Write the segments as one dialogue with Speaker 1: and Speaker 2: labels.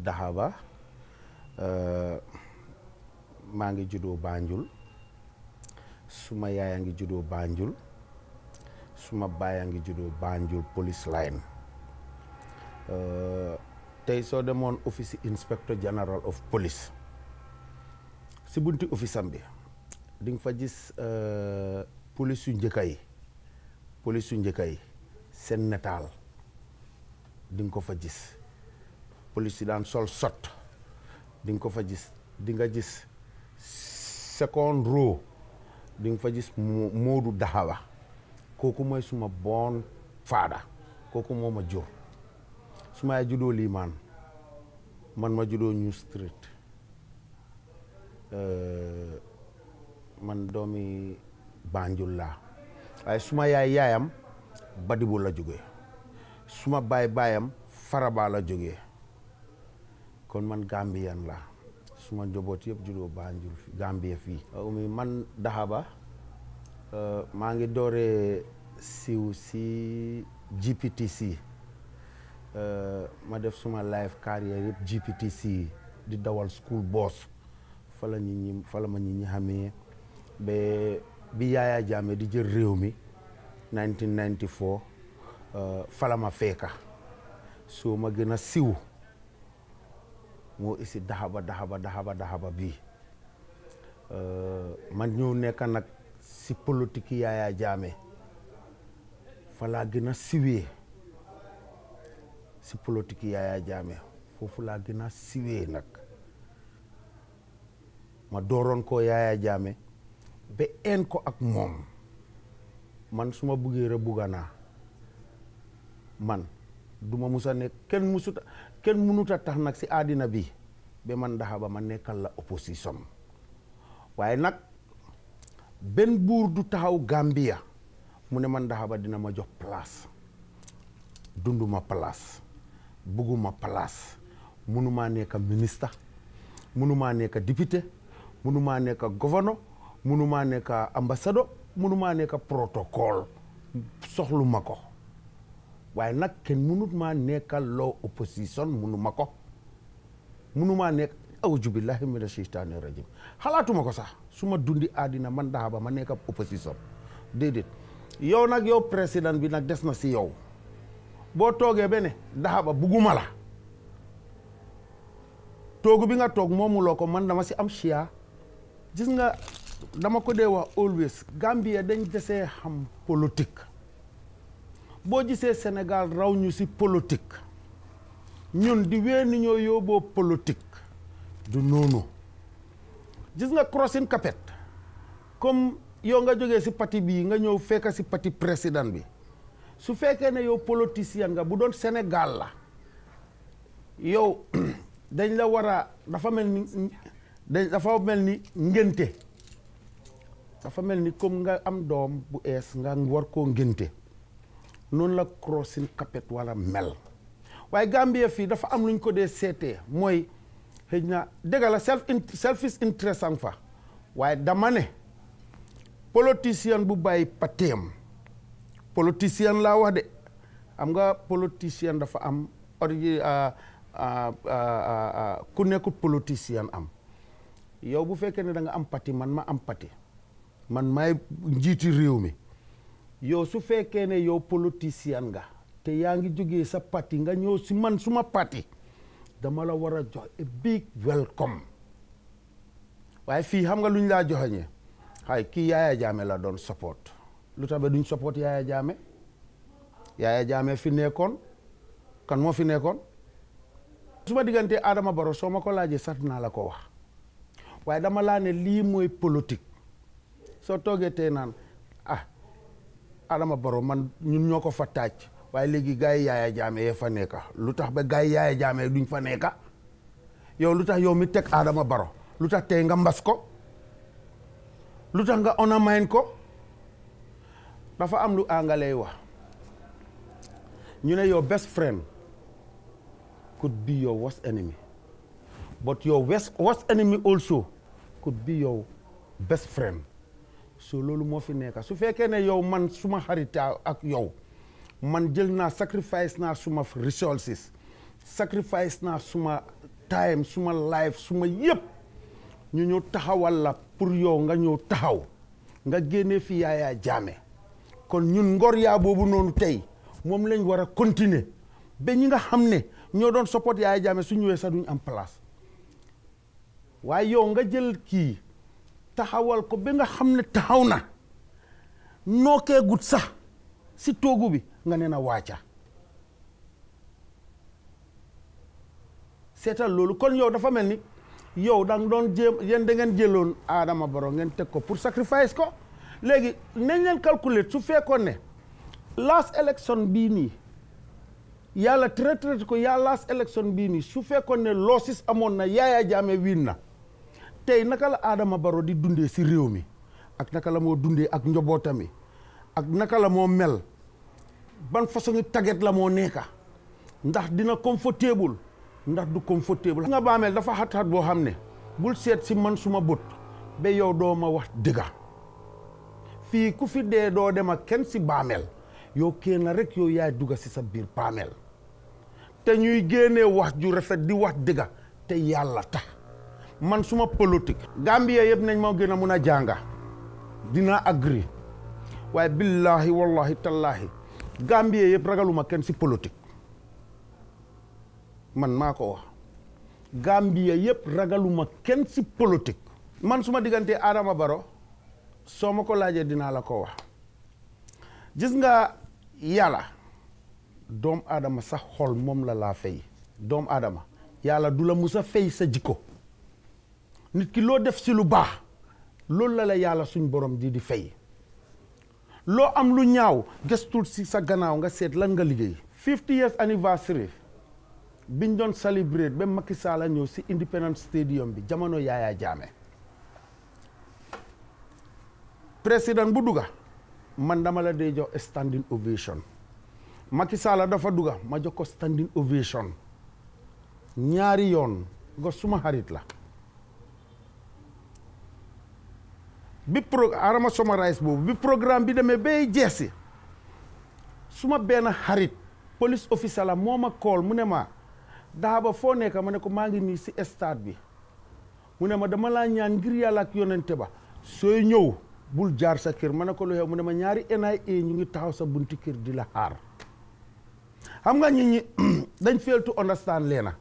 Speaker 1: Dahaba eh, ma ngi Banjul suma yaaya ngi Banjul suma baaya ngi Banjul police line eh, tay so demone office inspector general of police ci bunti office am bi di fa gis eh, police yu njëkka police yu yi di ko fa gis police dan sol sot ding fajis, ko fa gis di nga gis second row ding fa gis modou dahawa koku moy suma bon fada koku moma ma jur su ma man ma New Street man domi Banjul la waaye suma yaay yaayam Badibu la bayam suma bay bayam Faraba la jógee kon man gambian la suma njaboot yeb juddoo Banjul fi o uh, umi man Dahaba uh, maa ngi doré siw si GPTC uh, ma def suma life career yeb GPTC di dawal school boss, fala la nit ñi fa la ma nit ñi xamé be bi yaaya jame di jël rew mi 1994 fa la ma feka so ma gëna siw moo isi daxaba daxaba daxaba daxaba bii euh, man ñu nekk nag si politique Yaya Jammeh fa laa gën a siwee si politique Yaya Jammeh foofu laa gën a siwee nag ma dooroon ko Yaya Jammeh ba een ko ak moom man su ma buggee rek bugga naa man du musa ne kenn musuta kenn mënut a tax nag si àddina bi ba man ndaxa ba ma nekkal la opposition waaye nag benn buur du taxaw Gambia mu ne man ndaxa ba dina ma jox place dunduma palaas bugguma palaas mënumaa nekk ministre mënumaa nekk député mënumaa nekk gouverneur mënumaa nekk ambassadeur mënumaa nekk protocole soxlu ma ko waye nak ken munut ma nekkal lo opposition mënu ma ko mënu nek nekk awju billahi minash shaitanir rajim halatu ko sax suma dundi adina man daxa ba ma nekk opposition dedet yow nak yow president bi nak desna si yow bo toge bene ne daxa ba la togu bi nga tok man dama si am chia gis nga dama ko de wax always Gambia dañ desee xam politique boo gisee Sénégal raw ñu si politique ñun di wenn ñoo yóbboo politique du noonu gis nga crossing capet comme yow nga jógee si pati bii nga ñëw fekk si pati président bi su fekkee ne yow politicien nga bu doon senegaal la yow dañ la war a dafa mel ni dañ dafa mel ni ngénte dafa mel ni comme nga am doom bu ees nga war koo ngénte noonu la crossing carpet wala mel waaye Gambia fii dafa am lu ñu ko dee seetee mooy xëy na dëgg la self selfish fa waaye dama ne politicien bu bàyyi pateem politicien laa wax de am nga politicien dafa am origi ku nekkul politicien am yow bu fekkee ne da nga am pati man ma am pati man maay njiiti réew mi yow su fekke ne yow politicien nga te yaangi joge sa parti nga ñëw si man suma parti dama la wara a jox a big welcome waye fi xam nga luñ la joxagne hay ki yaaya Yaya la doon support lu tabe duñ support Yaya jame Yaya jame fi nekkon kan mo fi nekkon suma digante Adama baro soo ko laajee sax la ko wax waye dama la ne li moy politique so toge te nan Adama Barrow man ñun ñoo ko fa taaj waaye léegi gars yi yaaya jaame yee fa nekka lu tax ba gars yi yaaya jaame duñ fa nekka yow lu tax yow mi teg Adama Barrow lu tax tey nga mbas ko lu tax nga onamayne ko dafa am lu anglais wax ñu ne yow best friend could be your worst enemy but was worst enemy also could be your best friend so loolu moo fi nekk su fekkee ne yow man suma xarita ak yow man jël naa sacrifice naa suma resources sacrifice naa suma time suma life suma yëpp ñu ñëw taxawal la pour yow nga ñëw taxaw nga génnee fi yaayaa jaame kon ñun ngor yaa boobu noonu tey moom lañ war a continuer ba ñi nga xam ne ñoo doon support yaaya jaame su ñëwee sax duñ am place waaye yow nga jël kii taxawal ko bi nga xam ne taxaw na nookee gut sax si toogu bi nga ne na waaca seetal loolu kon yow dafa mel ni yow dang doon jéem yen dangeen ngeen jëloon Adama Barrow ngeen teg ko pour sacrifice ko léegi nañ leen calculer su fekkoon ne last election bii nii yàlla traité ko yàlla last election bii nii su fekkoon ne loosis amoon na Yaya Jammeh wiin na tey naka la Adama Barrow di dundee si réew mi ak naka la moo dundee ak njobootami ak naka la moo mel ban façon taget la moo nekka ndax dina confortable ndax du confortable nga baameel dafa xat-xat boo xam ne bul seet si man suma bët ba yow doo ma wax dëga fii ku fi dee doo dem ak kenn si baameel yow kenn rek yow yaay dugga si sa biir baameel te ñuy génnee wax ju rafet di wax dëga te yàlla tax man suma politique gambia yeb nañ mo gëna mëna janga dina agri way billahi wallahi tallahi gambia yeb ragaluma kenn ci politique man mako wax gambia yeb ragaluma kenn ci politique man suma diggante adama baro soma ko laajee dina la ko wax gis nga yalla dom adama sa xol mom la la fay dom adama yalla dula musa fay sa jiko nit ki loo def si lu baax loolu la la yàlla suñ borom di di fay loo am lu ñaaw gestul si sa gannaaw nga seet lan nga liggéey. 50 years anniversary biñ doon celebrate ba Macky Sall ñëw si Independence Stadium bi jamono yaayaa Jammeh président bu dugga man dama la dee jox standing ovation Macky Sall dafa dugga ma jox ko standing ovation ñaari yoon nga suma xarit la. bi pro arama boobu bi programme bi demee bay jeesi suma benn xarit police officier la moo ma kool mu ne ma daaba foo nekk ma ne ko maa ngi nii si stade bi mu ne ma dama laa ñaan ngir yàlla ak yonente ba sooy ñëw bul jaar sa kër ma ne ko lu xew mu ne ma ñaari NIA ñu ngi taxaw sa bunt kër di la xaar xam nga nit dañ fail to understand leena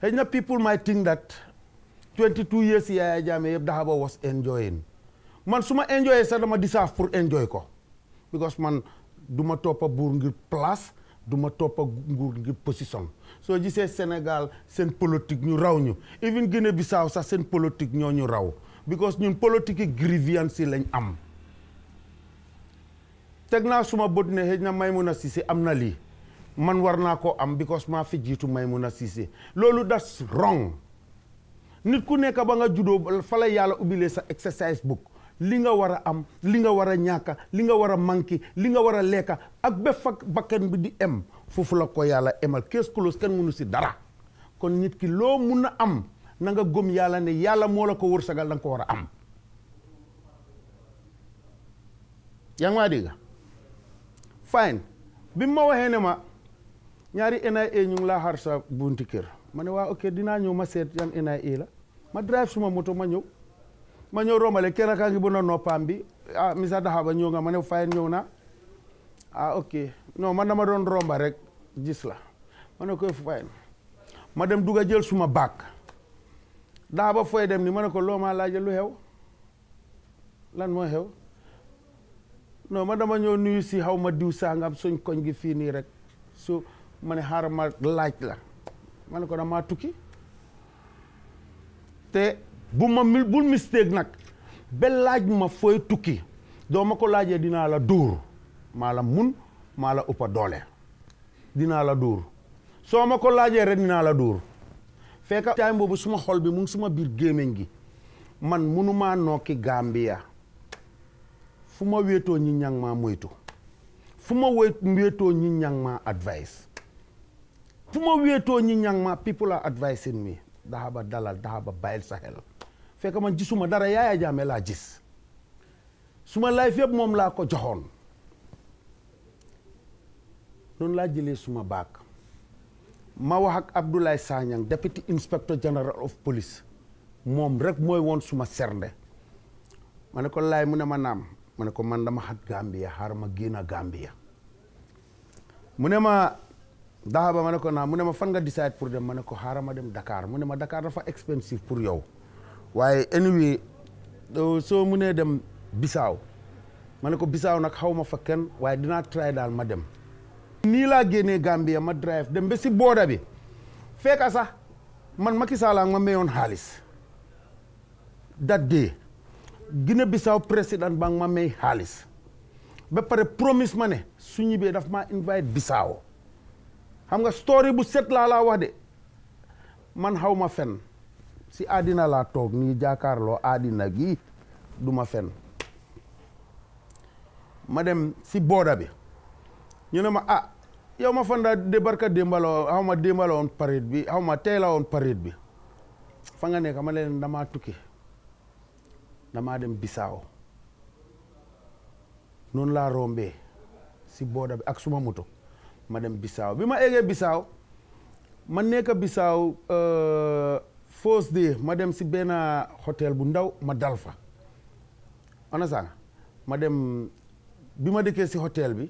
Speaker 1: xëy na people might think that 22 years Yaya Jammeh yëpp Dahaba was enjoying man suma enjoy sa dama sa pour enjoy ko because man duma top bour ngir place duma top ngour ngir position soo gisee Sénégal sen politique ñu raw ñu even Guinée Bissau sa sen politique ñoo ñu raw because ñun politique grievance lañ am tegna suma bët ne xëj na Cissé am man warna ko am because ma fi jitu maymuna Cissé lolu das wrong nit ku nekk ba nga judo fa la yalla sa exercise book li nga war a am li nga war a ñàkka li nga war a manqué li nga war a lekka ak ba fa bakkan bi di em foofu la ko yàlla emal kees close kenn mënu si dara kon nit ki loo mun na am na nga gëm yàlla ne yàlla moo la ko wërsagal da nga ko war a am yaa ngi maa dégg fine bi ma waxee ne ma ñaari NIA ñu ngi sa bunti kër ma ne waa ok dinaa ñëw ma seet ma drive suma moto ma ñëw ma ñëw romale kenn kaa ngi bu na noppaam bi ah misa daxaba ñëw nga ma ne fayen ñëw na ah ok non man dama doon romba rek gis la ma ne koy dem dugg a jël suma baak daxaba fooy dem ni ma ne ko loo ma laaj lu xew lan moo xew non man dama ñëw nuyu si xaw ma diw sangam suñ koñ gi fii nii rek su ma ne xaaral ma laaj la ma ne ko damaa tukki te bu ma bul mistake nag laaj ma foy tukki do ma ko dina dinaa la dur mala mun mala upa dole dina la dur so ma ko rek dina la dur feka time boobu suma xol bi mu suma bir gémmiñ gi man munuma noki Gambia fuma ma ñi ñang ma moytu fuma ma ñi ñang ma advice fuma ma ñi ñang ma people are advising me dahaba dalal dahaba bàyyil sahel fekk man gisuma dara yaaya jaame laa gis suma life yëpp moom laa ko joxoon noonu laa jëlee suma baak ma wax ak Abdoulaye sañang deputy inspector general of police moom rek mooy woon suma sernde ma ne ko laay mu ne ma naam ma ko man dama xat Gambia xaar ma génn Gambia mu ne ma daxa ba ma ne ko naam mu ne ma fan nga decide pour dem ma ko xaar dem Dakar mu ne ma Dakar dafa expensive pour yow waaye anyway soo mënee dem bisaaw ma ne ko Bissau nag xaw ma fa kenn waaye dinaa try daal ma dem nii laa génnee Gambia ma drive dem ba si booda bi fekka sax man ma Macky Sall ma mayoon xaalis that day Guinée Bissau président ba ma may xaalis ba pare promise ma ne su ñibbee daf maa invite Bissau xam nga story bu set laa laa wax de man xaw ma fen si adina la tok ni jakarlo adina gi duma fen ma dem si boda bi ñu ne ma ah yow ma fan daa débarka lo, xaw ma lo on parade bi xaw ma on parade bi fa nga nekk ma leen damaa tukki damaa dem bisaw non la rombe si boda bi ak suma moto ma dem bisaw bi ma bisaw man ma bisaw euh first day ma dem si benn hôtel bu ndaw ma dal fa ana sa ma dem bi ma dëkkee si hôtel bi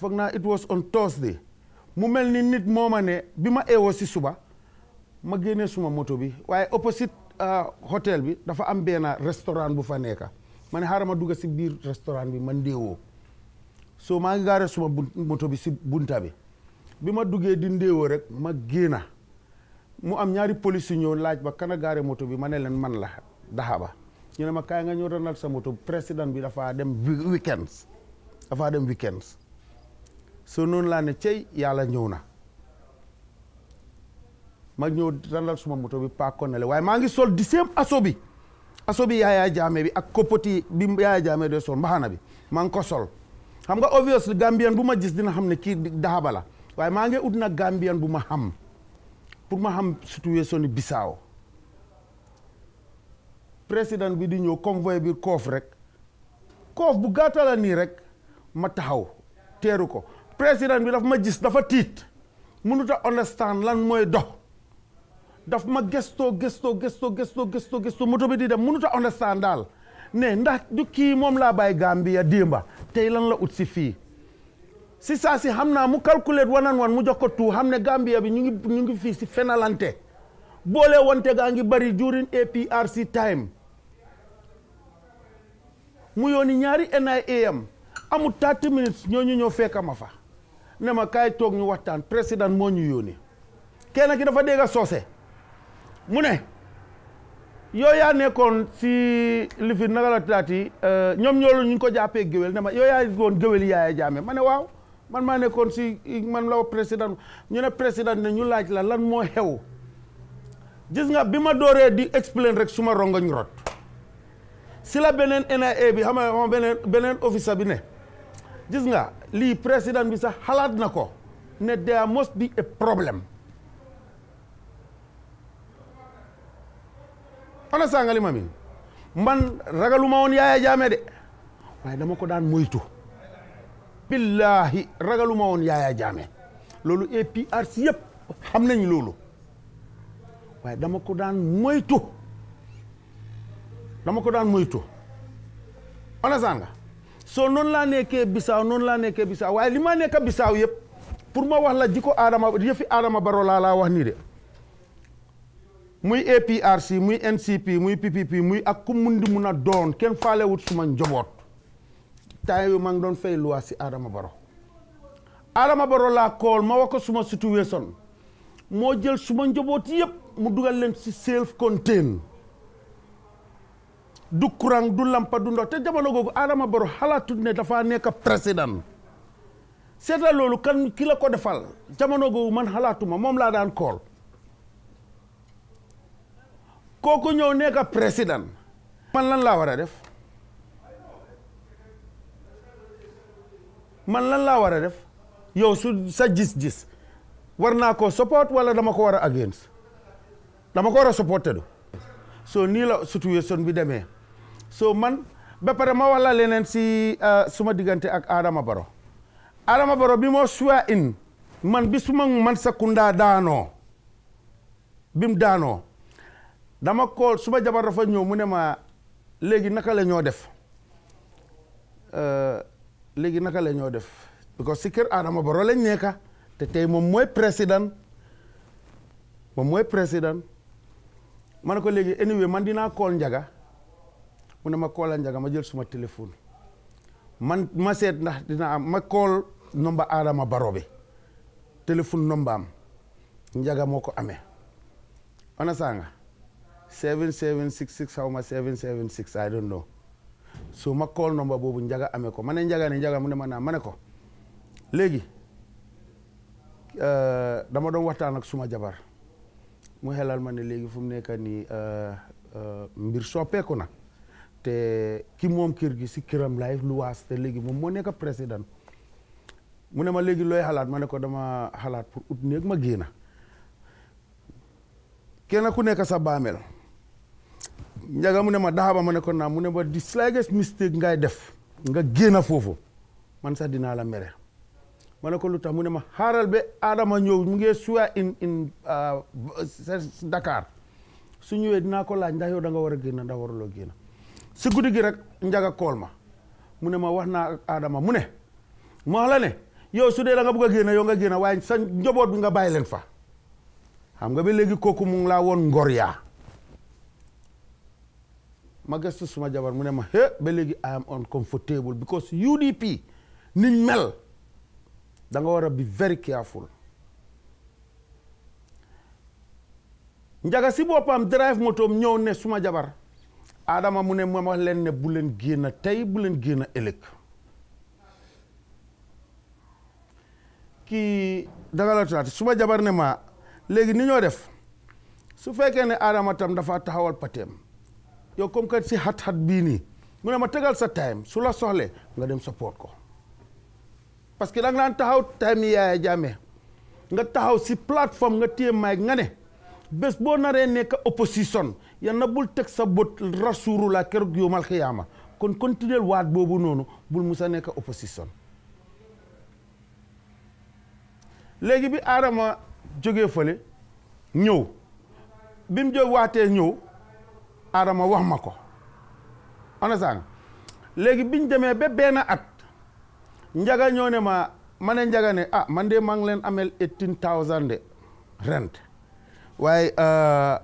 Speaker 1: foog naa it was on Thursday mu mel ni nit moo ma ne bi ma eewoo si suba ma génnee suma moto bi waaye opposite hôtel euh, bi dafa am benn restaurant bu fa nekka ma ne xaaral ma dugg si biir restaurant bi ma ndéewoo so maa ngi gaare suma moto bi si bunta bi bi ma duggee di ndéewoo rek ma génna mu am ñaari police yu ñëw laaj ba kan moto bi ma ne leen man la daxa ba ñu ne ma kaay nga ñëw ranal sa moto président bi dafaa dem weekends dafaa dem weekends so noonu laa ne cey yàlla ñëw na ma ñëw randal suma moto bi paakon na le waaye maa ngi sol di same aso bi aso bi yaaya jaame bi ak koppati bi yaaya jaame de sol mbaxana bi maa ngi ko sol xam nga obviously gambian bu ma gis dina xam ne kii daxaba la waaye maa ngi ut na gambian bu ma xam pour ma xam situation ni Bissau président bi di ñëw convoy bi koof rek koof bu gàttal nii rek ma taxaw teeru ko président bi daf ma gis dafa tiit mënut a understand lan mooy dox daf ma gëstoo gëstoo gëstoo gëstoo gëstoo gëstoo moto bi di dem mënuta a daal ne ndax du kii moom laa bàyyi Gambia démba tey lan la ut fii si saa si xam naa mu calculer one and one mu jox ko two xam ne Gambia bi ñu ngi ñu ngi fii si fenalante boole wonte gaa ngi bari during APRC time mu yooni ñaari NIA am amul 30 minutes ñooñu ñoo fekk ma fa ne ma kaay toog ñu waxtaan président moo ñu yónni kenn ki dafa dégg soose mu ne yow yaa nekkoon si li fi nagala taati eh, ñoom ñoolu ñu ko jàppee géwél ne ma yow yaa woon géwél yaaya jaame ma ne waaw man maa nekkoon si man la président ñu ne président ne ñu laaj la lan moo xew jis nga bi ma dooree di explain rek su ma rongoñ rot si la beneen NIA bi xam nga beneen beneen officer bi ne gis nga lii président bi sax xalaat na ko ne there must be a problème ana sangali ma min man ragaluma woon Yaaya Jammeh de waaye dama ko daan moytu billaahi ragaluma woon yaayaa jaame loolu APRC yëpp xam nañ loolu waaye dama ko daan moytu dama ko daan moytu understand nga soo noonu laa nekkee bisaaw noon laa nekkee bisaaw waaye li ma nekk bisaaw yëpp pour ma wax la jikko Adama yëfi Adama Barrow laa laa wax nii de muy APRC muy NCP muy PPP muy ak ku mun di a doon kenn faalewut suma njaboot tay yu mang fail fay loi ci Adama Baro Adama Baro la kol ma wako suma situation mo jël suma njobot yëpp mu dugal len ci self contain du courant du lampa du ndox te jamono gogu Adama Baro halatu ne dafa nekk president seeta loolu kan ki la ko defal jamono gogu man xalaatuma mom la dan kol kooku ñew nek president man lan la wara def man lan laa war a def yow su sa gis-gis war ko support wala dama ko war against dama ko war supporté du so nii la situation bi demee so man ba pare ma wala leneen si uh, suma diggante ak Adama Baro Adama Baro bi moo swear in man bi suma man kunda daanoo bim daanoo dama ko suma jabar dafa ñëw mu ne ma léegi naka la ñoo def uh, léegi naka la ñoo def because sikir kër Adama Barrow lañ nekka te tay mom moy président mom moy président ma ko anyway man dina call Njaga mu ne ma call Njaga ma jël suma téléphone man ma sét ndax dina am ma call nomba Adama Barrow bi téléphone nomba am Njaga moko amé amee ana sanga 7766 how ma 776 I don't know suma kol nomba bobu njaga amé ko mané njaga né njaga mu né mana mané ko légui euh dama don waxtan ak suma jabar mu helal mané légui fum né kan ni euh euh mbir soppé ko nak té ki mom kër gi ci kiram live lu was té légui mom mo né ka président mu né ma légui loy halat mané ko dama halat pour out né ak ma géna kena ku né ka sa bamél njaga mu ne ma daxaba ma ne ko naa mu ne ma di slightest mistake ngay def nga génn foofu man sax dinaa la mere ma ne ko lu tax mu ne ma xaaral ba Adama ñëw mu ngi suya in in uh, Dakar su ñëwee dinaa ko laaj ndax yow da nga war a génn ndax waruloo génn si guddi gi rek njaga kool ma mu ne ma wax naa aadama mu ne ma wax la ne yow su dee da nga bugg a génn yow nga génn waaye sa njaboot bi nga bàyyi leen fa xam nga ba léegi kooku mu laa woon ngor yaa ma gëstu suma jabar mu ne ma hé ba léegi I am uncomfortable because UDP niñ mel da nga war a bi very careful njaga si boppam drive motoom ñëw ne suma jabar Adama mu ne ma wax leen ne buleen leen génn tey buleen leen génn ëllëg kii danga la taat suma jabar ne ma léegi ni ñoo def su fekkee ne Adama tam dafa taxawal pateem yow comme si xat-xat bii nii mu ma tegal sa time su la soxle nga dem sa support ko parce que da nga daan taxaw time Yaya Jammeh nga taxaw si plateforme nga téye mic nga ne bés boo naree nekk opposition yan na bul teg sa bët rasuru la keroog yowmal xiyaama kon continuer waat boobu noonu bul musa nekk oposison léegi bi Adama jógee fële ñëw bi mu jóg waatee ñëw Adama wax ma ko understand léegi biñ demee ba benn at njaga ñoo ne ma ma ne njaga ah man de maa ngi leen amel eighteen thousand de rent waaye euh,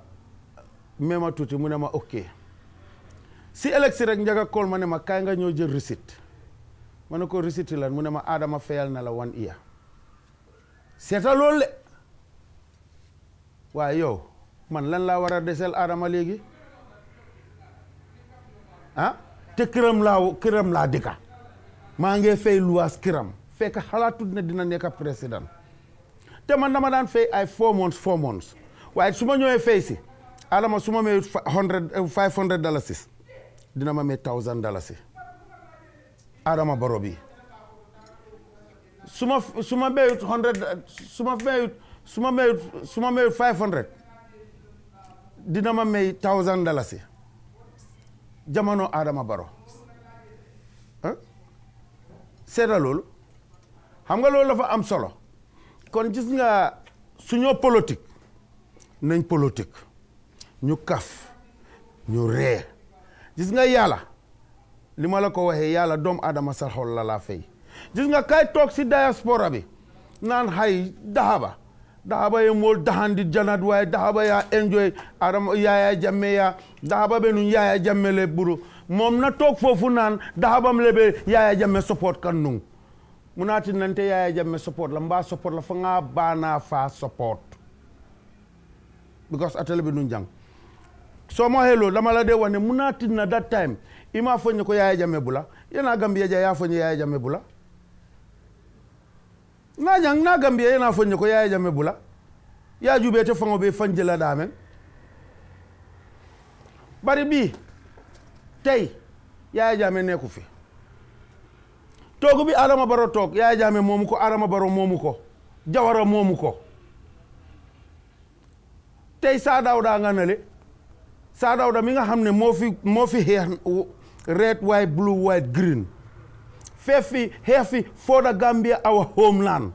Speaker 1: mee ma tuuti mu ne ma ok si élection rek njaga kool ma ne ma kaay nga ñoo jël receipt ma ko receipt lan mu ne ma Adama fayal na la one year seeta loolu le waaye yow man lan laa war a desel Adama léegi Ah? te këram laa këram laa dëkka maa ngi fay luwaas këram fekk xalaatut ne dina nekk président te man na ma daan fay ay four months four months waaye su ma ñëwee fay si alama su ma may hundred five hundred dalasis dina ma may thousand dalasi adama baro bi su ma su ma mayut su ma mayut ma ma mayut five hundred dina ma may thousand dalasi jamono Adama Baro ah seeta xam nga loolu dafa am solo kon gis nga suñoo politique nañ politique ñu kaf ñu ree gis nga yàlla li ma la ko waxee yàlla doom Adama sa xol la laa fay gis nga kay toog si diaspora bi naan xay daxaba dahaba ye mol dahandi janat waye dahaba ya enjoy aram yaya jamme ya dahaba be nun yaya jamme le buru mom na tok fofu nan dahabam le be yaya jamme support kan nun munati nante yaya jamme support la mba support la fa a bana fa support because atele be nun jang so mo helo lama la de mun munati na that time ima fonye ko yaya jamme bula yana gambia ja ya fonye yaya jamme bula nga ñang na gambia yana fonye ko yaya jame bula ya jube te fango be fanjela damen bari bi tey yaya jame nekku fi toogu bi adama baro toog yaya jame moomu ko adama baro moomu ko jawara moomu ko tey saa dawda nga nale saa dawda mi nga xam ne moo fi moo fi xeex red white blue white green feefi heefi fooda Gambia our homeland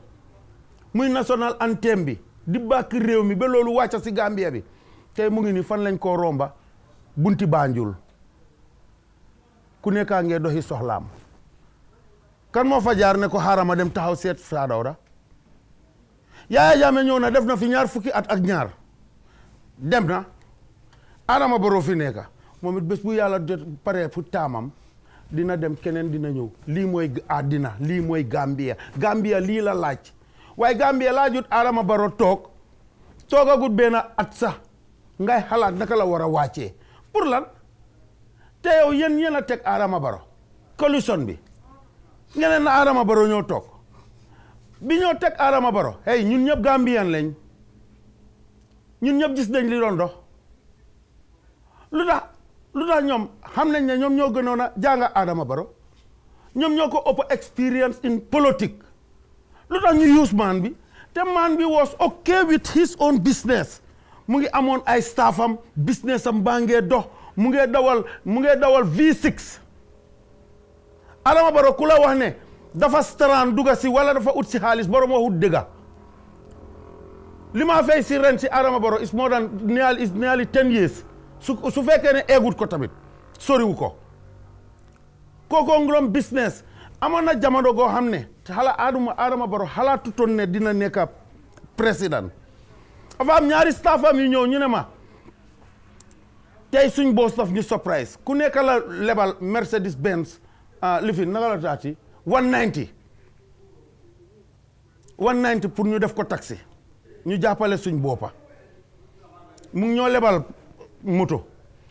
Speaker 1: muy national anthem bi di bàkk réew mi ba loolu wàcca si Gambia bi tey mu ngi ni fan lañ koo romba bunti Banjul ku nekkaa ngee doxi soxlaam kan moo fa jaar ne ko xaaral dem taxaw seet Sir Dawda Yaya Jammeh ñëw na def na fi ñaar fukki at ak ñaar dem na Adama Barrow fi nekka moom it bés bu yàlla jot paree fu taamam dina dem keneen dina ñëw lii mooy àddina lii mooy Gambia Gambia lii la laaj waaye Gambia laajut Adama Barrow toog toogagut benn at sax ngay xalaat naka la war a wàccee pour lan te yow yéen yéen a teg Adama Barrow collusion bi ngeen na Adama baro ñëw toog bi ñoo teg Adama baro hey ñun ñëpp Gambian lañ ñun ñëpp gis nañ li doon dox lu tax lu tax ñoom xam nañ ne ñoom ñoo gënoon a jàng Adama Barrow ñoom ñoo ko ëpp experience in politique lu tax ñu use man bi te man bi was okay with his own business mu ngi amoon ay staffam business am dox mu ngee dawal mu ngee dawal v six Adama Barrow ku la wax ne dafa staraan duga si wala dafa ut si xaalis borom waxut dëgga li ma fay si ren si Adama Barrow is more nearly ten years su su fekkee ne eegut ko tamit soriwu ko kooku ngulom business amoon na jamono goo xam ne xala Adama Adama Barrow xalaatutoon ne dina nekk président dafa am ñaari staffam yu ñëw ñu ne ma tey suñ boo ñu surprise ku nekk la lebal Mercedes Benz ah, li fi naka la taati one ninety wan ninety pour ñu def ko taxi ñu jàppale suñ boppa mu ngi ñoo lebal moto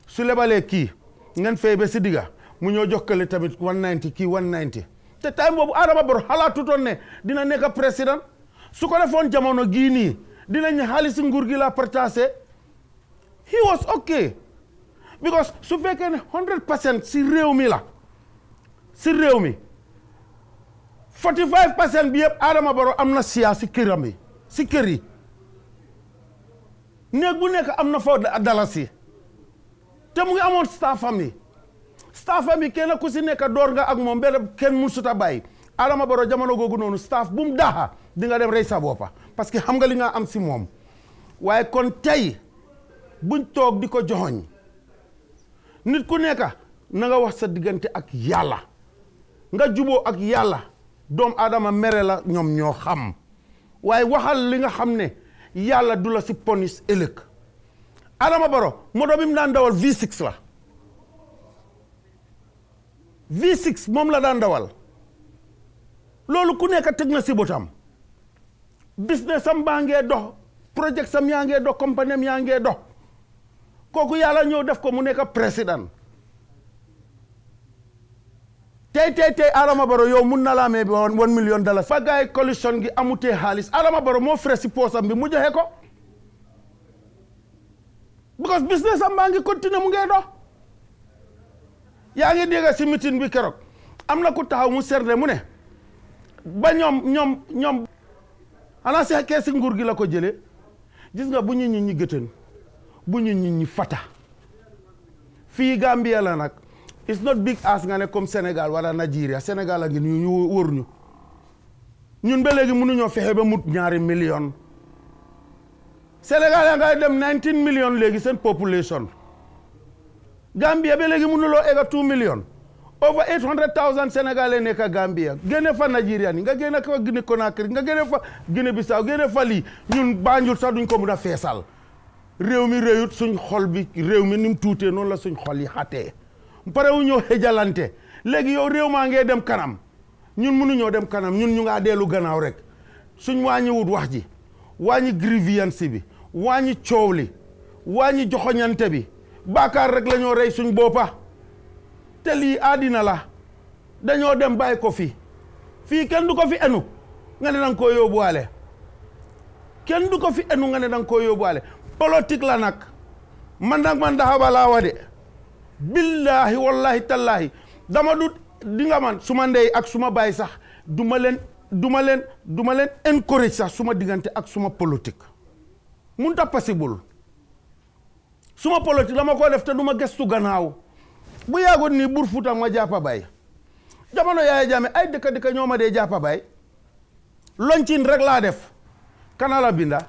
Speaker 1: su lebalé ki ngén fay ba si digga mu ñëw tamit 190 ki 190 té time bobu Adama bor hala tutone dina nek président su ko defoon jamono ni dina xaliss nguur gi la he was okay because su 100 si réew mi la si réew mi 45 bi yépp Adama Barrow am na siyaa si këram yi si kër yi néeg bu nekk am na dalasi te mu ngi amoon staffam yi staffam yi kenn ku si nekka door nga ak moom benn kenn mësut a bàyyi Adama Barrow jamono googu noonu saaf bu mu daaxa di nga dem rey sa boppa parce que xam nga li nga am si moom waaye kon tey buñ toog di ko joxoñ nit ku nekk nanga wax sa diggante ak yàlla nga juboo ak yàlla doom aadama mere la ñoom ñoo xam waaye waxal li nga xam ne yàlla du la si ponis ëllëg Adama Baro moto bi mu daan dawal V6 la V6 moom la daan dawal loolu ku nekk teg na si botam business sam baa ngee dox projet sam yaa ngee dox compagnie am yaa ngee dox kooku yàlla ñëw def ko mu nekk président tey tey tey Adama Baro yow mun na laa wan woon one million dollars fa gaay collision gi amutee xaalis alama Baro moo frais si poosam bi mu joxe ko. because business am maa ngi continuer mu ngay dox yaa ngi dégg si meeting bi keroog am na ku taxaw mu serne mu ne ba ñoom ñoom ñoom xanaa si keesi nguur gi la ko jëlee gis nga bu ñu ñi ñi bu ñu ñi fata fii Gambia la nag it's not big as nga ne comme senegal wala Nigeria senegala a ngi ñu wóor ñu ñun ba léegi mënuñoo fexe ba mut ñaari million Sénégal yaa ngay dem 19 million léegi seen population Gambia ba léegi mënuloo egg a 2 millions over 800000 Sénégalais nekk a Gambia génne fa Nigeria ni nga génne fa Guinée Conakry nga génne fa Guinée Bissau génne fa lii ñun Banjul sax duñ ko mun a feesal réew mi réyut suñ xol bi réew mi ni mu tuutee noonu la suñ xol yi xatee pare wu ñëw xëjalante léegi yow réew maa ngee dem kanam ñun mënuñoo dem kanam ñun ñu ngaa dellu gannaaw rek suñ wàññiwut wax ji wàññi grievance bi waañi coow li wàññi joxoñante bi bàkkaar rek la rey suñ boppa te lii àddina la dañoo dem bàyyi ko fi fii kenn du ko fi enu nga ne danga koo yóbbuwaale kenn du ko fi enu nga ne danga koo yóbbuwaale politique la nag man nag man daxaba laa wa de billaahi wallaahi tallaahi dama du di nga man su ma ndey ak suma ma baay sax duma ma leen du ma leen du ma leen encourage sax diggante ak suma politique Munta possible suma politique dama ko def te duma gestu gannaaw bu yagon ni bur futa ma jappa bay jamono yaay jame ay dëkka dëkka ñoma de jappa bay loncin rek la def kana la binda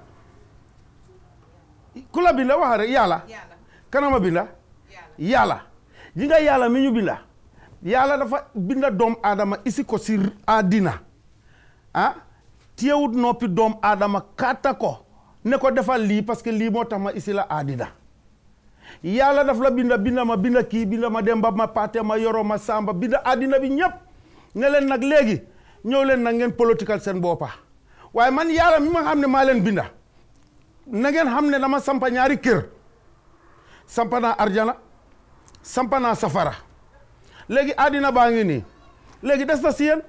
Speaker 1: ku la binda wax rek yalla kana ma binda yalla ji nga yalla mi ñu binda yalla dafa binda dom adama isi ko sir adina ah tiewut nopi dom katako. katako ne ko defal li, parce que li motax ma isi la aadida yàlla daf la binda binda ma binda ki binda ma demba ma paate ma yoro ma samba binda adina bi ñep ne len nak legi ñew len nak ngeen political sen bopa waye man yalla mi ma xamne ne len binda na ngeen xamne ne dama sampa ñaari kër sampa na arjana sampa na safara legi adina ba ngi ni legi dess na sien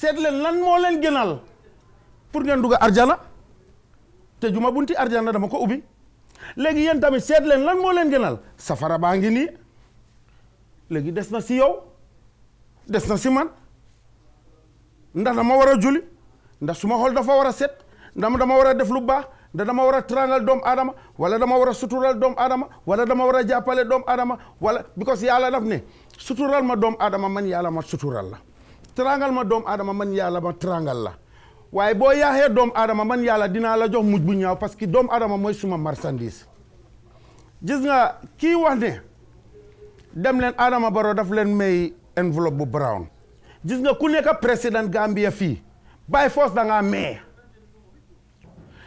Speaker 1: set len lan mo len gënal pour ngeen duga arjana te juma bunti arjana dama ko ubi, léegi yeen tamit set len lan mo len gënal safara baa ngi nii léegi des na si yow des na si man ndax dama wara julli ndax suma hol dafa wara set nda dama wara def lu ba ndax dama wara trangal dom adama wala dama wara sutural dom adama, wala dama wara jappale dom adama wala because yalla daf ne sutural ma dom adama man yalla ma sutural la trangal ma dom adama man yalla ma trangal la waaye boo yaaxee doomu aadama man yàlla dinaa la jox mujj bu ñaaw parce que doomu aadama mooy suma marchandise gis nga kii wax ne dem leen Adama Barrow daf leen may enveloppe bu brown gis nga ku nekk président Gambia fii bay foos da ngaa mee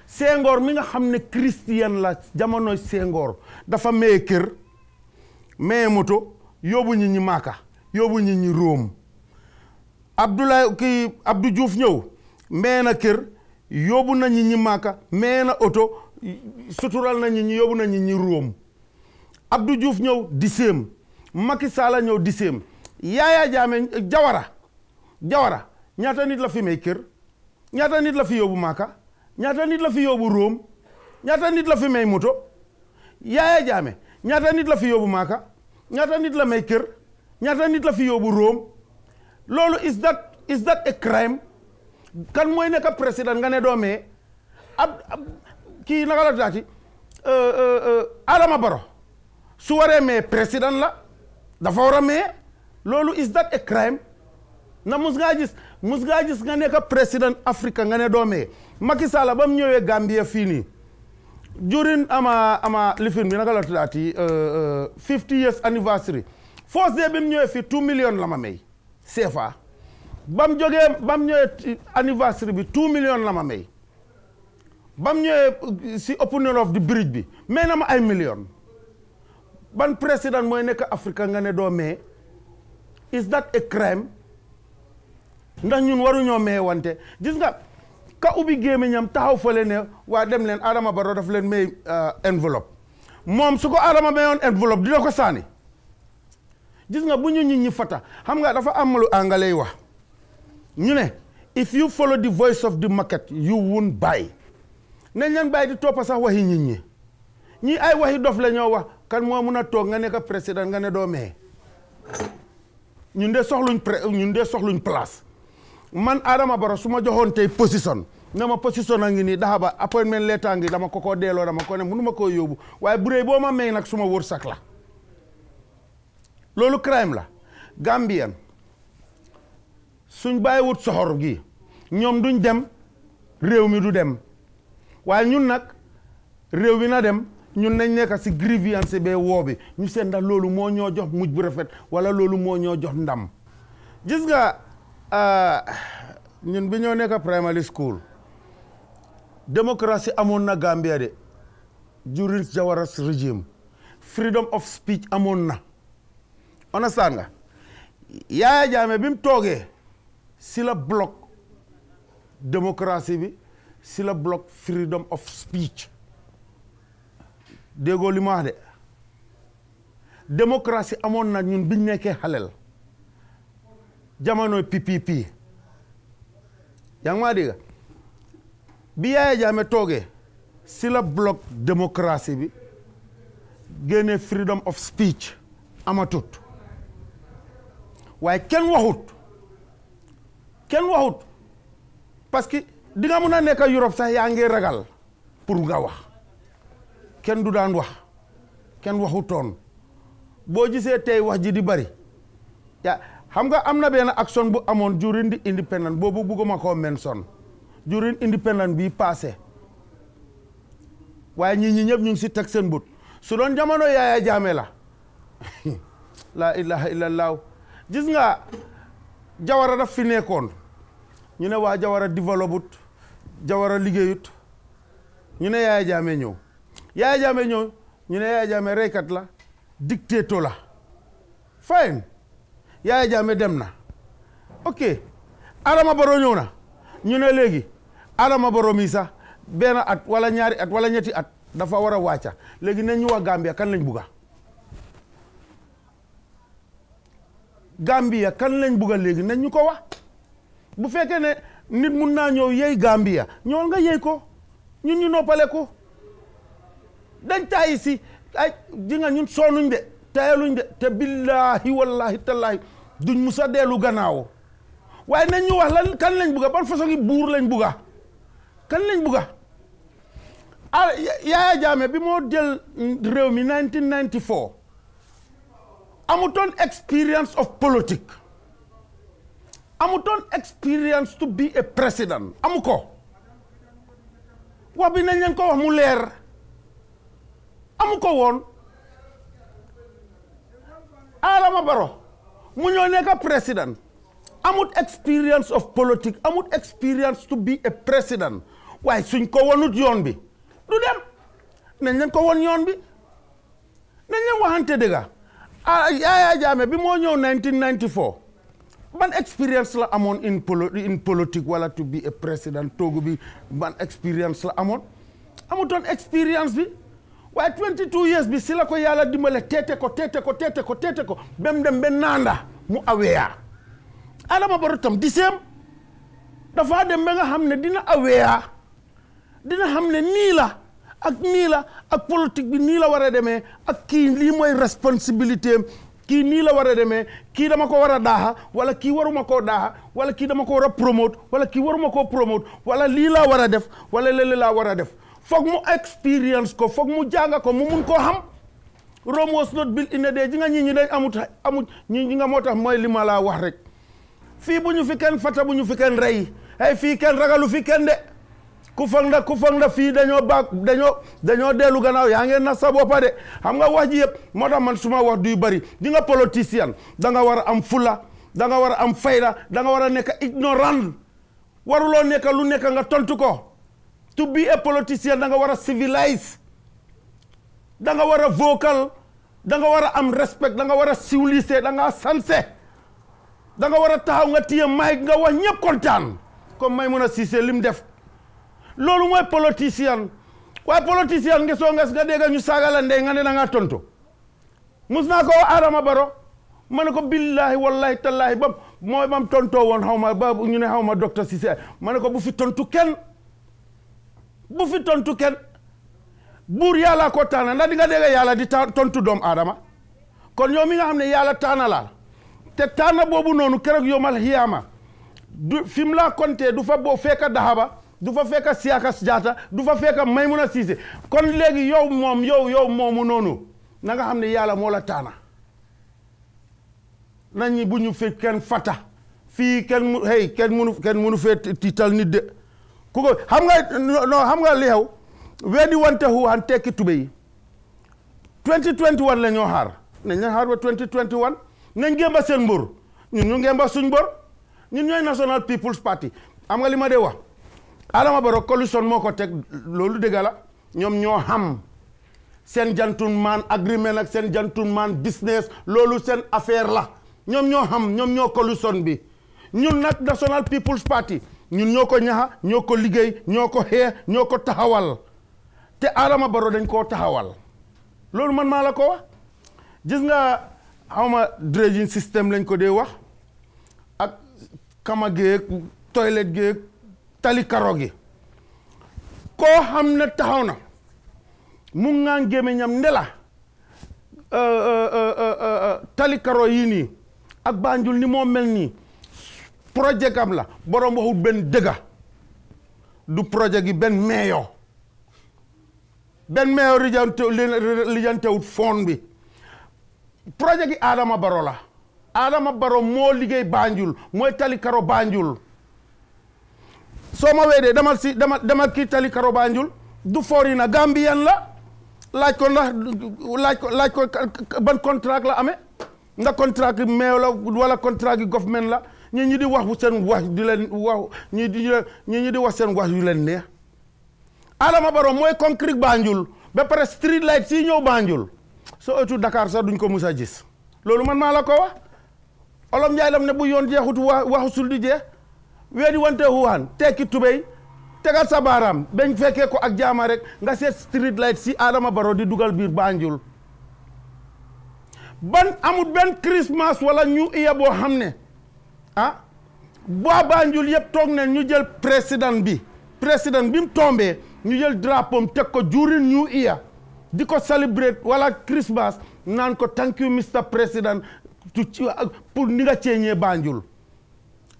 Speaker 1: Senghor mi nga xam ne christian la jamonoy Senghor dafa maye kër maye moto yóbbu ñi ñi maaka yóbbu ñi ñi Rome Abdoulaye kii Abdou Diouf ñëw na kër yóbbu nañu ñi Màkka na oto sutural nañu ñi yóbbu nañu ñi Róom Abdou Diouf ñëw di séem Macky Sall ñëw di séem Yaya Jammeh Jawara Jawara ñaata nit la fi may kër ñaata nit la fi yóbbu Màkka ñaata nit la fi yóbbu Róom ñaata nit la fi may moto Yaya Jammeh ñaata nit la fi yóbbu Màkka ñaata nit la may kër ñaata nit la fi yóbbu Róom loolu is that is kan mooy nekk président nga ne doomee ab kii naka la daati euh, euh, euh, Adama Baro su waree mais président la dafa war a mais loolu is that a crime na mus ngaa gis mus ngaa gis nga nekk président Afrique nga ne doomee Macky Sall ba mu ñëwee Gambia fii nii during ama ama lifin bi naka la tuddaati fifty years anniversary first day bi ñëwee fii two million la ma may CFA ba mu bam ba mu ñëwee anniversaire bi two million la ma may ba ñëwee si opening of the bridge bi may na ma ay million ban président mooy nekk Africa nga ne doo may is that a crime ndax ñun waruñoo may wante gis nga ka ubbi gémmiñam taxaw fële ne waa dem leen Adama Barrow daf leen may uh, enveloppe moom su ko Adama mayoon enveloppe dina ko sànni gis nga bu ñu nit ñi fata xam nga dafa am lu anglais wax ñune if you follow the voice of the market you won't buy nañ leen bàyyi di topp sax waxi nit ñi ñi ay waxi dof la ñoo wax kan moo mun a toog nga nekk président nga ne doo mee ñun de soxluñ pre ñun de soxluñ place man adama baro su ma joxoon tey position ne ma position a ngi nii daxaba appointment leetaa ngi dama ko ko delloo dama ko ne munuma koo yóbbu waaye bu boo ma may nag suma wërsag la loolu crime la gambian suñ bàyyiwut soxor gi ñoom duñ dem réew mi du dem waaye ñun nag réew mi na dem ñun nañ nekk si grievance bee woo bi ñu seet ndax loolu moo ñoo jox mujj bu rafet wala loolu moo ñoo jox ndam gis nga ah, ñun bi ñoo nekk primary school démocratie amoon na Gambia de during Jawara's regime freedom of speech amoon na understand nga Yaya Jammeh bi mu toogee si la bloc démocratie bi si la bloc freedom of speech déggoo li ma de démocratie amoon na ñun biñ nekkee xaleel jamonoy PPP yaa ngi maa dégg bi Yaya Jammeh toogee si la bloc démocratie bi génne freedom of speech amatut waaye kenn waxut Ken waxut parce que di nga mëna nek Europe sax ya ngi ragal pour nga wax ken du daan wax kenn bo gisé tay wax ji di bari ya xam nga amna ben action bu amone during the independent boobu bugguma koo mention during independent bi passé waaye ñi ñi ñep ñu ci ya seen bout su doon jamono yaaya la la ilaha illallah gis nga jawara daf fi nekkoon ñu ne waa jawara développut jawara liggéeyut ñu ne yaaya jaame ñëw yaaya jaame ñëw ñu ne yaaya jaame kat la dictateur la fine yaaya jaame dem na ok Adama Barrow ñëw na ñu ne léegi Adama Barrow mii sax benn at wala ñaari at wala ñetti at dafa war a wàcca léegi ne ñu wax Gambia kan lañ bugga Gambia kan lañ bugg léegi nañ ñu ko wax bu fekkee ne nit mun naa ñëw yey Gambia ñëwal nga yey ko ñun ñu noppale ko dañ taayi si ay di ñun soonuñ de taayaluñ de te billaahi wallaahi tallaahi duñ musa deelu gannaaw waaye nañ ñu wax lan kan lañ bugga ban façon buur lañ bugga kan lañ bugga ah, a Yaaya Jammeh bi moo jël réew mi foo amutoon experience of politique amutoon experience to be a president amu ko wax bi nañ leen ko wax mu leer amu ko woon Adama Barrow mu ñoo nekk président amut experience of politique amut experience to be a president waaye suñ ko wonut yoon bi du dem nañ leen ko won yoon bi nañ leen waxante dëgga ah Yaya Jammeh bi moo ñëw foo ban expérience la amoon in polo in wala to be a president toogu bi ban expérience la amoon amutoon expérience bi waaye 22 bi si la ko yàlla dimale teete ko teete ko teete ko teete ko ba dem ba naanda mu aweya Adama Barrow di seem dafa dem ba nga xam ne dina aweya dina xam ne nii la. ak nii la ak politique bi nii la war a demee ak kii lii mooy responsabilité kii nii la war a demee kii dama ko war a daaxa wala kii waruma ko daaxa wala kii dama ko war a promote wala kii waruma ko promote wala lii laa war a def wala lële laa war a def foog mu expérience ko foog mu jànga ko mu mun koo xam Rome was not built in a day ji nga ñii ñi dañ amut amut ñi ñi nga moo tax mooy li ma laa wax rek fii bu ñu fi kenn fata bu ñu fi kenn rey ay fii kenn ragalu fi kenn ku fang da ku fang da fi dañoo baag dañoo dañoo delu gannaaw ya ngeen na sa boppa de xam nga wax ji yëpp moo man suma wax du bari di nga politicien da nga wara am fula da nga wara am fayda da nga wara nek ignorant ignorant lo nek lu nek nga tontu ko to be a politicien da nga wara civilize da nga wara vocal da nga wara am respect da nga wara civilisé da nga sanse da nga wara taxaw nga téye mic nga wax ñepp comme may lim def loolu mooy politicien waaye politicien nga soo ngas nga dégg ñu saaga la ndey nga ne da tontu mus naa ko Adama Baro ma ne ko billahi wallahi tallahi bam mooy bam tontoo woon xaw ba ñu ne xaw ma docteur Cissé ma ne ko bu fi tontu kenn bu fi tontu kenn buur yàlla ko tànna ndax di nga dégg yàlla di tontu doom aadama kon yow mi nga xam ne yàlla tànna la te tànna boobu noonu keroog yomal xiyaama du fi mu laa kontee du fa boo fekk daxaba du fa fekk Siyakas Jaata du fa fekk a Siise kon léegi yow moom yow yow moomu noonu na nga xam ne yàlla moo la taana ñi bu ñu fi kenn fata fii kenn mu hey kenn munu kenn munu fee tiital nit de ku ko xam nga non xam nga li xew weddi wante hu han tekki tube yi 2021 la ñoo xaar nañ leen xaar ba 2021 nañ gémba seen mbor ñun ñu gémba suñ mbor ñun ñooy National People's Party am nga li ma dee wax Adama Barrow coalition moo ko teg loolu dëgg la ñoom ñoo xam seen gentleman agreement ak seen gentleman business loolu seen affaire la ñoom ñoo xam ñoom ñoo coalition bi ñun nag National People's Party ñun ñoo ko ñaxa ñoo ko liggéey ñoo ko xee ñoo ko taxawal te Adama Barrow dañ koo taxawal loolu man maa la ko wax gis nga xawma dredging system lañ ko dee wax ak kama géeg toilette géeg tali karo gi koo xam ne na mu ngaa gémmiñam ne la euh, euh, euh, tali karo yi ni ak banjul ni mo melni projet am la borom waxu ben dega du projet gi benn meeyoo benn meeyoo wut fon bi projet gi Adama Baro la Adama Baro mo liggey banjul moy tali karo banjul soo ma weedee demal si demal demal kii tali karo Banjul du foori na Gambien la laaj ko ndax laaj ko laaj ko ban contrat la amee ndax contrat bi meew la wala contrat bi government la ñi ñi di wax seen wax di leen wax ñi di ñi ñi di wax seen wax yu leen neex Adama Barrow mooy concret Banjul ba pare street light si ñëw Banjul soo ëttu Dakar sax duñ ko mus gis loolu man maa la ko wax Olof Njaay lam ne yoon jeexut wa waxu sul jeex weedi wante huwaan tekki tubéy tegal sa baaraam bañ fekkee ko ak jaama rek nga seet street light si Adama baro di dugal bir Banjul ban amut ben Christmas wala ñu iya bo xam ah bo Banjul yëpp tok nañ ñu jël président bi président bi tombé ñu jël drapeau teg ko during new year diko celebrate wala Christmas nan ko thank you Mr President pour ni nga ceeñee Banjul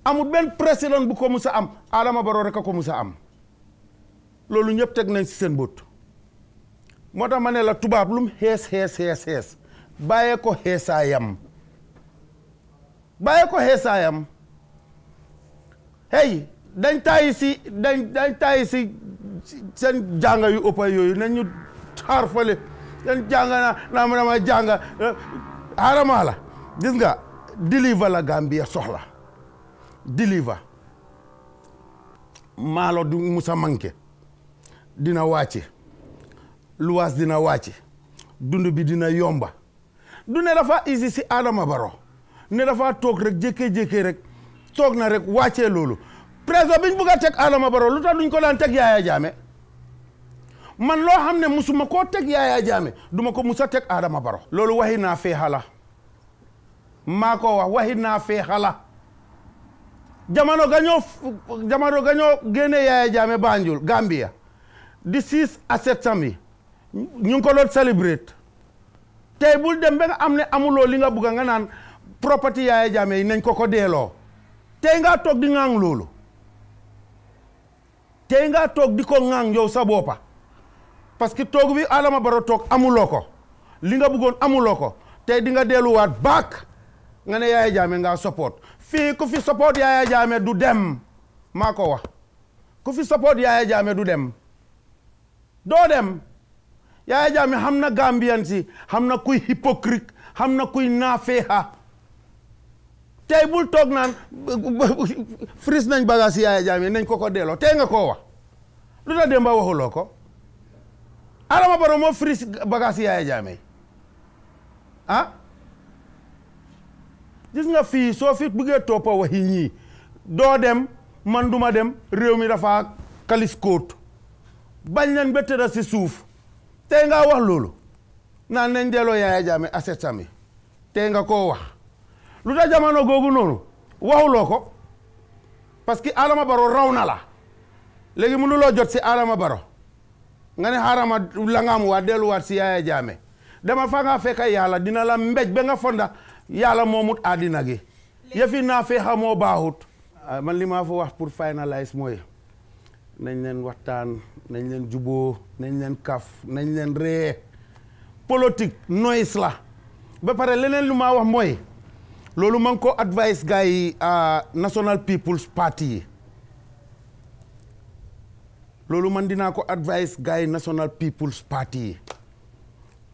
Speaker 1: amul ben president bu ko musa am Adama baro rek ko musa am lolou ñep tek nañ ci seen bot motax mané ne la tubab lum hes hes hes hes baye ko xeesaayam baye ko xeesaayam hey dañ tay ci dañ dañ tay ci seen jànga yu opay yoyu nañ ñu fale seen jànga na ma dama jànga euh, gis nga deliver la Gambia soxla deliver maalo du musa manke dina wàcce luwaas dina wàcce dundu bi dina yomba du ne dafa easy si Adama baro ne dafa toog rek jekke jekke rek toog na rek wàccee loolu preso biñ buga tek teg Adama baro lu tax duñ ko daan teg Yaya Jammeh man loo xam ne musuma koo teg Yaya jame duma ko musa teg Adama baro loolu waxi naa feexala maa ko wax waxi naa feexala jamono ga ñoo jamono ga ñoo génne Yaya Jammeh Banjul di six à septembre yi ñu ko doon celebrate tey bul dem ba nga am ne amuloo li nga bugg nga naan property Yaya Jammeh yi nañ ko ko deeloo tey ngaa toog di ŋang loolu tey ngaa toog di ko ŋang yow sa boppa parce que toog bi Adama Barrow toog amuloo ko li nga bëggoon amuloo ko tey di nga delluwaat baak nga ne Yaya Jammeh ngaa sopoot fii ku fi support Yaya Jammeh du dem maa ko wax ku fi support Yaya Jammeh du dem doo dem Yaya Jammeh xam na Gambian si xam na kuy hypocrite xam na kuy naafeexa tey bul toog naan fris nañ bagage Yaya Jammeh nañ ko ko delloo tey nga koo wax lu tax Demba waxuloo ko Adama Barrow moo fris bagage Yaya Jammeh ah? gis nga fii soo fi bëggee toppa waxi ñii doo dem man duma dem réew mi dafa kalis kóot bañ nañ ba tëdda si suuf tey nga wax loolu naan nañ delloo Yaya Jammeh asset tey nga koo wax lu tax jamono googu noonu waxuloo ko parce que Adama Barrow raw na la léegi mënuloo jot si Adama Barrow nga ne xaaral ma la nga am waat delluwaat si Yaya Jammeh dama fa nga fekk yàlla dina la mbéj ba nga fonda yàlla moomut àddina gi yëfi naa fee xamoo baaxut ah, man li maa wax pour finaliser mooy nañ leen waxtaan nañ leen juboo nañ leen kaf nañ leen ree polotik noise la ba pare leneen lu maa wax mooy loolu ma ko advice gars yi ah, National People's Party yi loolu man dinaa ko advice gars yi National People's Party yi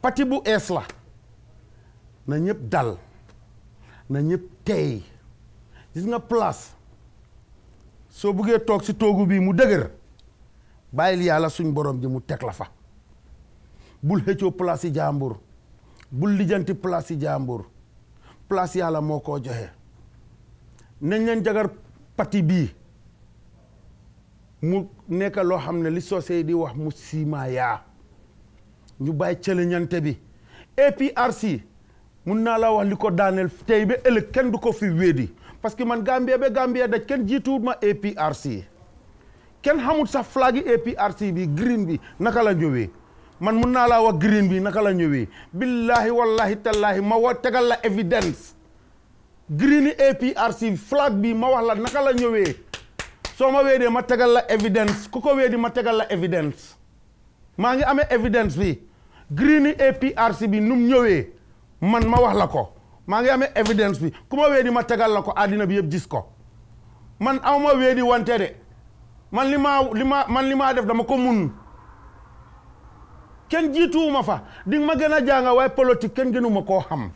Speaker 1: parti bu ees la na ñëpp dal na ñëpp tey gis nga place soo buggee toog si toogu bii mu dëgër bàyyil yàlla suñ borom ji mu teg la fa bul xëccoo place yi jàmbur bul lijjanti place yi jàmbur place yàlla moo ko joxe nañ leen jagar pati bii mu nekk loo xam ne li soosey di wax mu siima yaa ñu bàyyi cëliñante bi APRC mun naa la wax li ko daaneel tey ba ëllëg kenn du ko fi wéedi parce que man Gambia ba Gambia daj kenn jiituwut ma APRC kenn xamul sax flag yi APRC bi green bi naka la ñëwee man mun naa laa wax green bi naka la ñëwee billahi wallahi tallahi ma wa tegal la évidence green yi APRC flag bi ma wax la naka la ñëwee soo ma weedee ma tegal la évidence ku ko weedi ma tegal la évidence maa ngi amee évidence bi green yi APRC bi num ñëwee man ma wax la ko maa ngi amee évidence bi ku ma weedi ma tegal la ko àddina bi yëpp gis ko man aw ma weedi wante de man li maa li maa man li maa def dama ko mun kenn jiituwuma fa di ma gën a jànga waaye politique kenn gënuma koo xam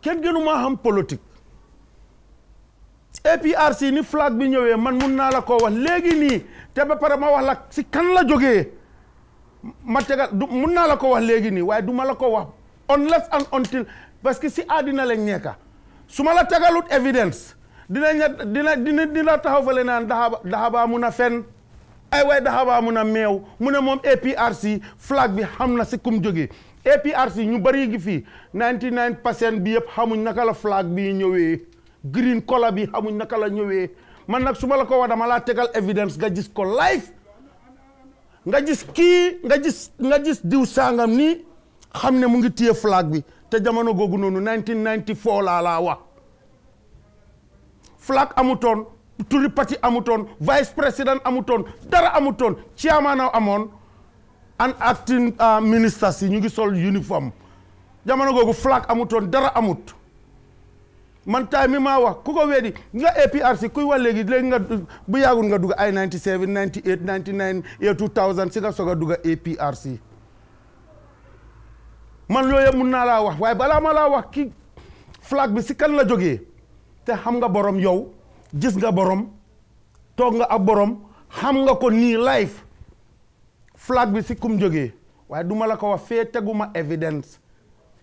Speaker 1: kenn gënuma xam politique APRC ni flag bi ñëwee man mun naa la koo wax léegi nii te ba pare ma wax la si kan la jógee matega tegal du mun naa la ko wax legui ni waye duma la ko wax unless and until parce que si adina la ñeka Suma la tegalut evidence dina dina dina dina taxaw fa le naan dahaba muna fen ay waay dahaba mun a meew mu ne APRC flag bi xamna ci kum joge APRC ñu gifi, gi fi 99 percent bi yëpp xamuñ naka la flag bi ñëwé green color bi xamuñ naka la ñëwé man nak suma la ko wa dama la tegal evidence ga gis ko live nga gis kii nga gis nga gis diw sangam nii xam ne mu ngi téye flag bi te jamono googu noonu 1994 laa laa wa flag amutoon turi parti amutoon vice président amutoon dara amutoon chairman amoon an acting uh, minister si ñu ngi sol uniforme jamono googu flag amutoon dara amut man taay mi maa wax ku ko weedi nga APRC kuy wax léegi léegi nga bu yaagul nga dugg ay 97 98 99 et 2000 si nga soog a dugg APRC man loolu yëpp mun naa laa wax waaye balaa ma laa wax ki flag bi si kan la jógee te xam nga borom yow gis nga borom toog nga ak borom xam nga ko nii live flag bi si kum jógee waaye duma la ko wax fee teguma évidence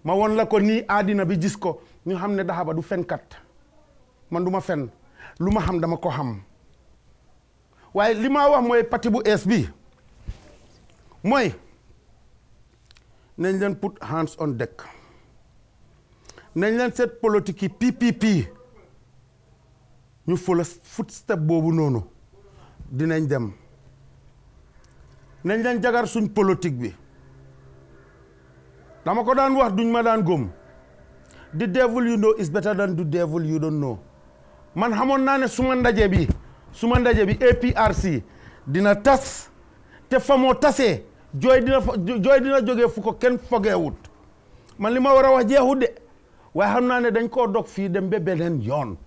Speaker 1: ma won la ko nii àddina bi gis ko ñu xam ne Dahaba du fenkat man duma fen lu ma xam dama ko xam waaye li ma wax mooy parti bu ees bi mooy nañ leen put hands on deck nañ leen seet politique yi PPP ñu fula footstep boobu noonu dinañ dem nañ leen jagar suñ politique bi dama ko daan wax duñ ma daan góom the devil you know is better than the devil you don't know man xamoon na ne suma ndaje bi suma ndaje bi APRC dina tas te famo moo joy dina joy dina jógee fuko ken fogeewut man lima wara wax jeexut de waaye xamna ne dañ ko dog fi dem yoon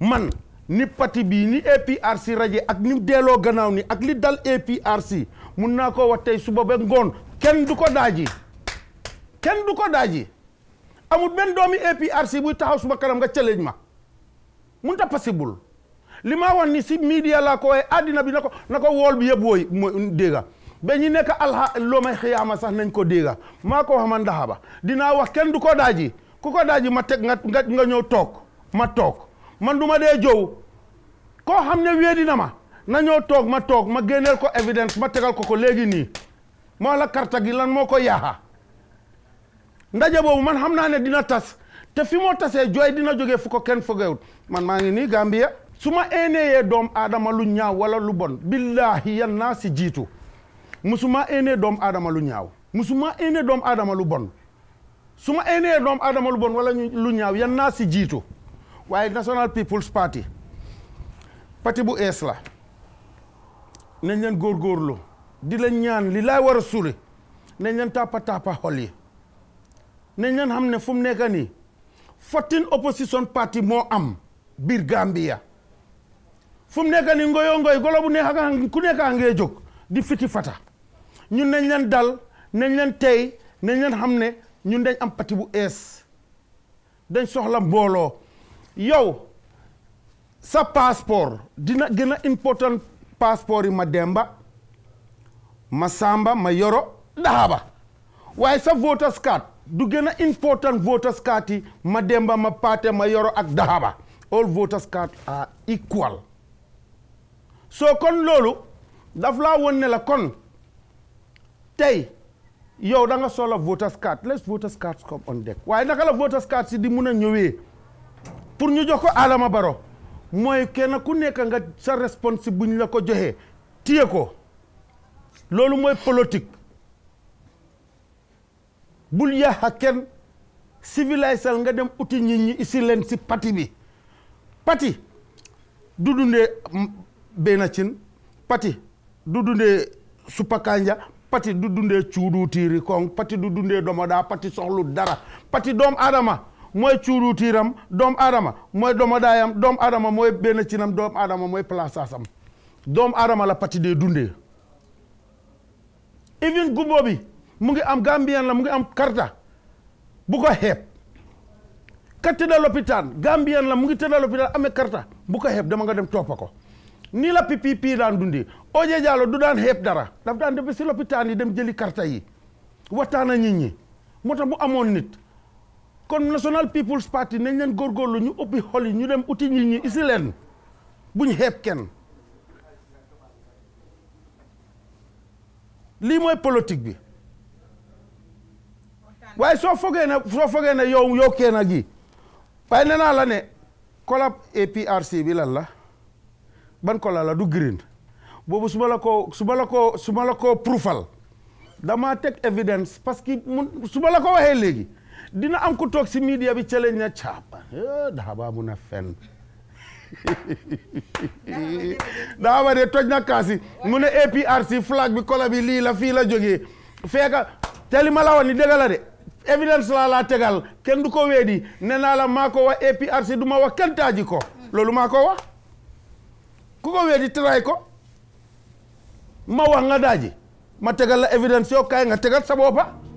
Speaker 1: man ni parti bi ni APRC raje ak ni gannaaw ni ak li dal APRC mën na ko wax tey suba be ngone ken duko daji ken duko daji amul benn doomi APRC buy taxaw suma kanam nga challenge ma mun ta possible li ma wax ni si media laa ko waaye àddina bi na ko na ko wool bi yëpp wooy dégga ba ñi nekk alha loo may xiyaama sax nañ ko dégga maa ko wax man ndaxa ba dinaa wax kenn du ko daaji ku ko daaji ma teg nga nga nga ñëw toog ma toog man du ma dee jow koo xam ne weedi na ma na ñëw toog ma toog ma génneel ko évidence ma tegal ko ko léegi nii moo la karta gi lan moo ko yaaxa ndaje bobu man xamna ne dina tas te fi mo tasee joy dina joggé fuko ken man maa ngi Gambia suma ene eeneyee doom aadama lu ñaaw wala lu bon billahi yan nasi jitu musuma ene dom adama lu ñaaw musuma ene dom adama lu bon suma ene dom adama lu bon wala lu ñaaw yan nasi jitu waye National People's Party parti bu es la nañ gor góorgóorlu di la ñaan li la war suri. nañ len tapa tapa holi nañ leen xam ne fu mu nekk nii fottin opposition party moo am biir Gambia fu mu nekk nii ngoyoo ngoy golo bu nekk ku nekk a ngee jóg di fiti fata ñun nañ leen dal nañ leen tey nañ leen xam ne ñun dañ am parti bu ees dañ soxla mbooloo yow sa passeport dina gën a important passeport yi ma demba ma samba ma yoro daaba waaye sa voters card du gën a important voters card yi ma demba ma paate ma yoro ak dahaba all voters card are equal soo kon loolu daf laa won ne la kon tey yow danga nga soxla voters card let's voters cards come on deck waaye naka la voters card si di mun a ñëwee pour ñu jox ko Adama Barrow mooy kenn ku nekk nga sa response buñ la ko joxee tiye ko loolu mooy politique bul yàq kenn civilisal nga dem uti nit ñi isi leen si pati bi pati du dundee benn cin pati du dundee supakanja pati du dundee cuuduutiiri kong pati du dundee domodaa pati soxlu dara pati doom aadama mooy cuuduutiiram doom aadama mooy domodaayam doom adama mooy benn cinam doom aadama mooy palaasasam doom aadama la pati dee dundee even gumbo bi mu ngi am gambien la mu ngi am karta bu ko xeeb ka tëdda loppitaan gambien la mu ngi tëdda lopitaan amee karta bu ko xeeb dama nga dem toppa ko nii la PPP daan dundi Oje Jallow du daan xeeb dara daf daan dem si lopitaan yi dem jëli karta yi waxtaan a nit ñi moo tax mu amoon nit kon National People's Party nañ leen góorgóorlu ñu ëppi xol yi ñu dem uti nit ñi isi leen buñ xeeb kenn lii mooy politique bi waaye soo fogee ne soo fogee ne yow yow kenn a gi waaye nee naa la ne collab APRC bi lan la ban kola la du green boobu suma la ko suma la ko su ma la ko proofal dama teg évidence parce que mun su ma la ko waxee léegi dina am ku toog si media bi challenge na caapa eh, daaba mun a fen daaba de toj na kaasi mu ne APRC flag bi kola bi lii la fii la jógee fekka teli ma la woon ni dëgg de évidence laa laa tegal kenn du ko weedi nee naa la maa ko wax APRC du ma wax kenn taaji ko loolu maa ko wax ku ko weedi tray ko ma wax nga daaji ma tegal la évidence yow kaay nga tegal sa boppa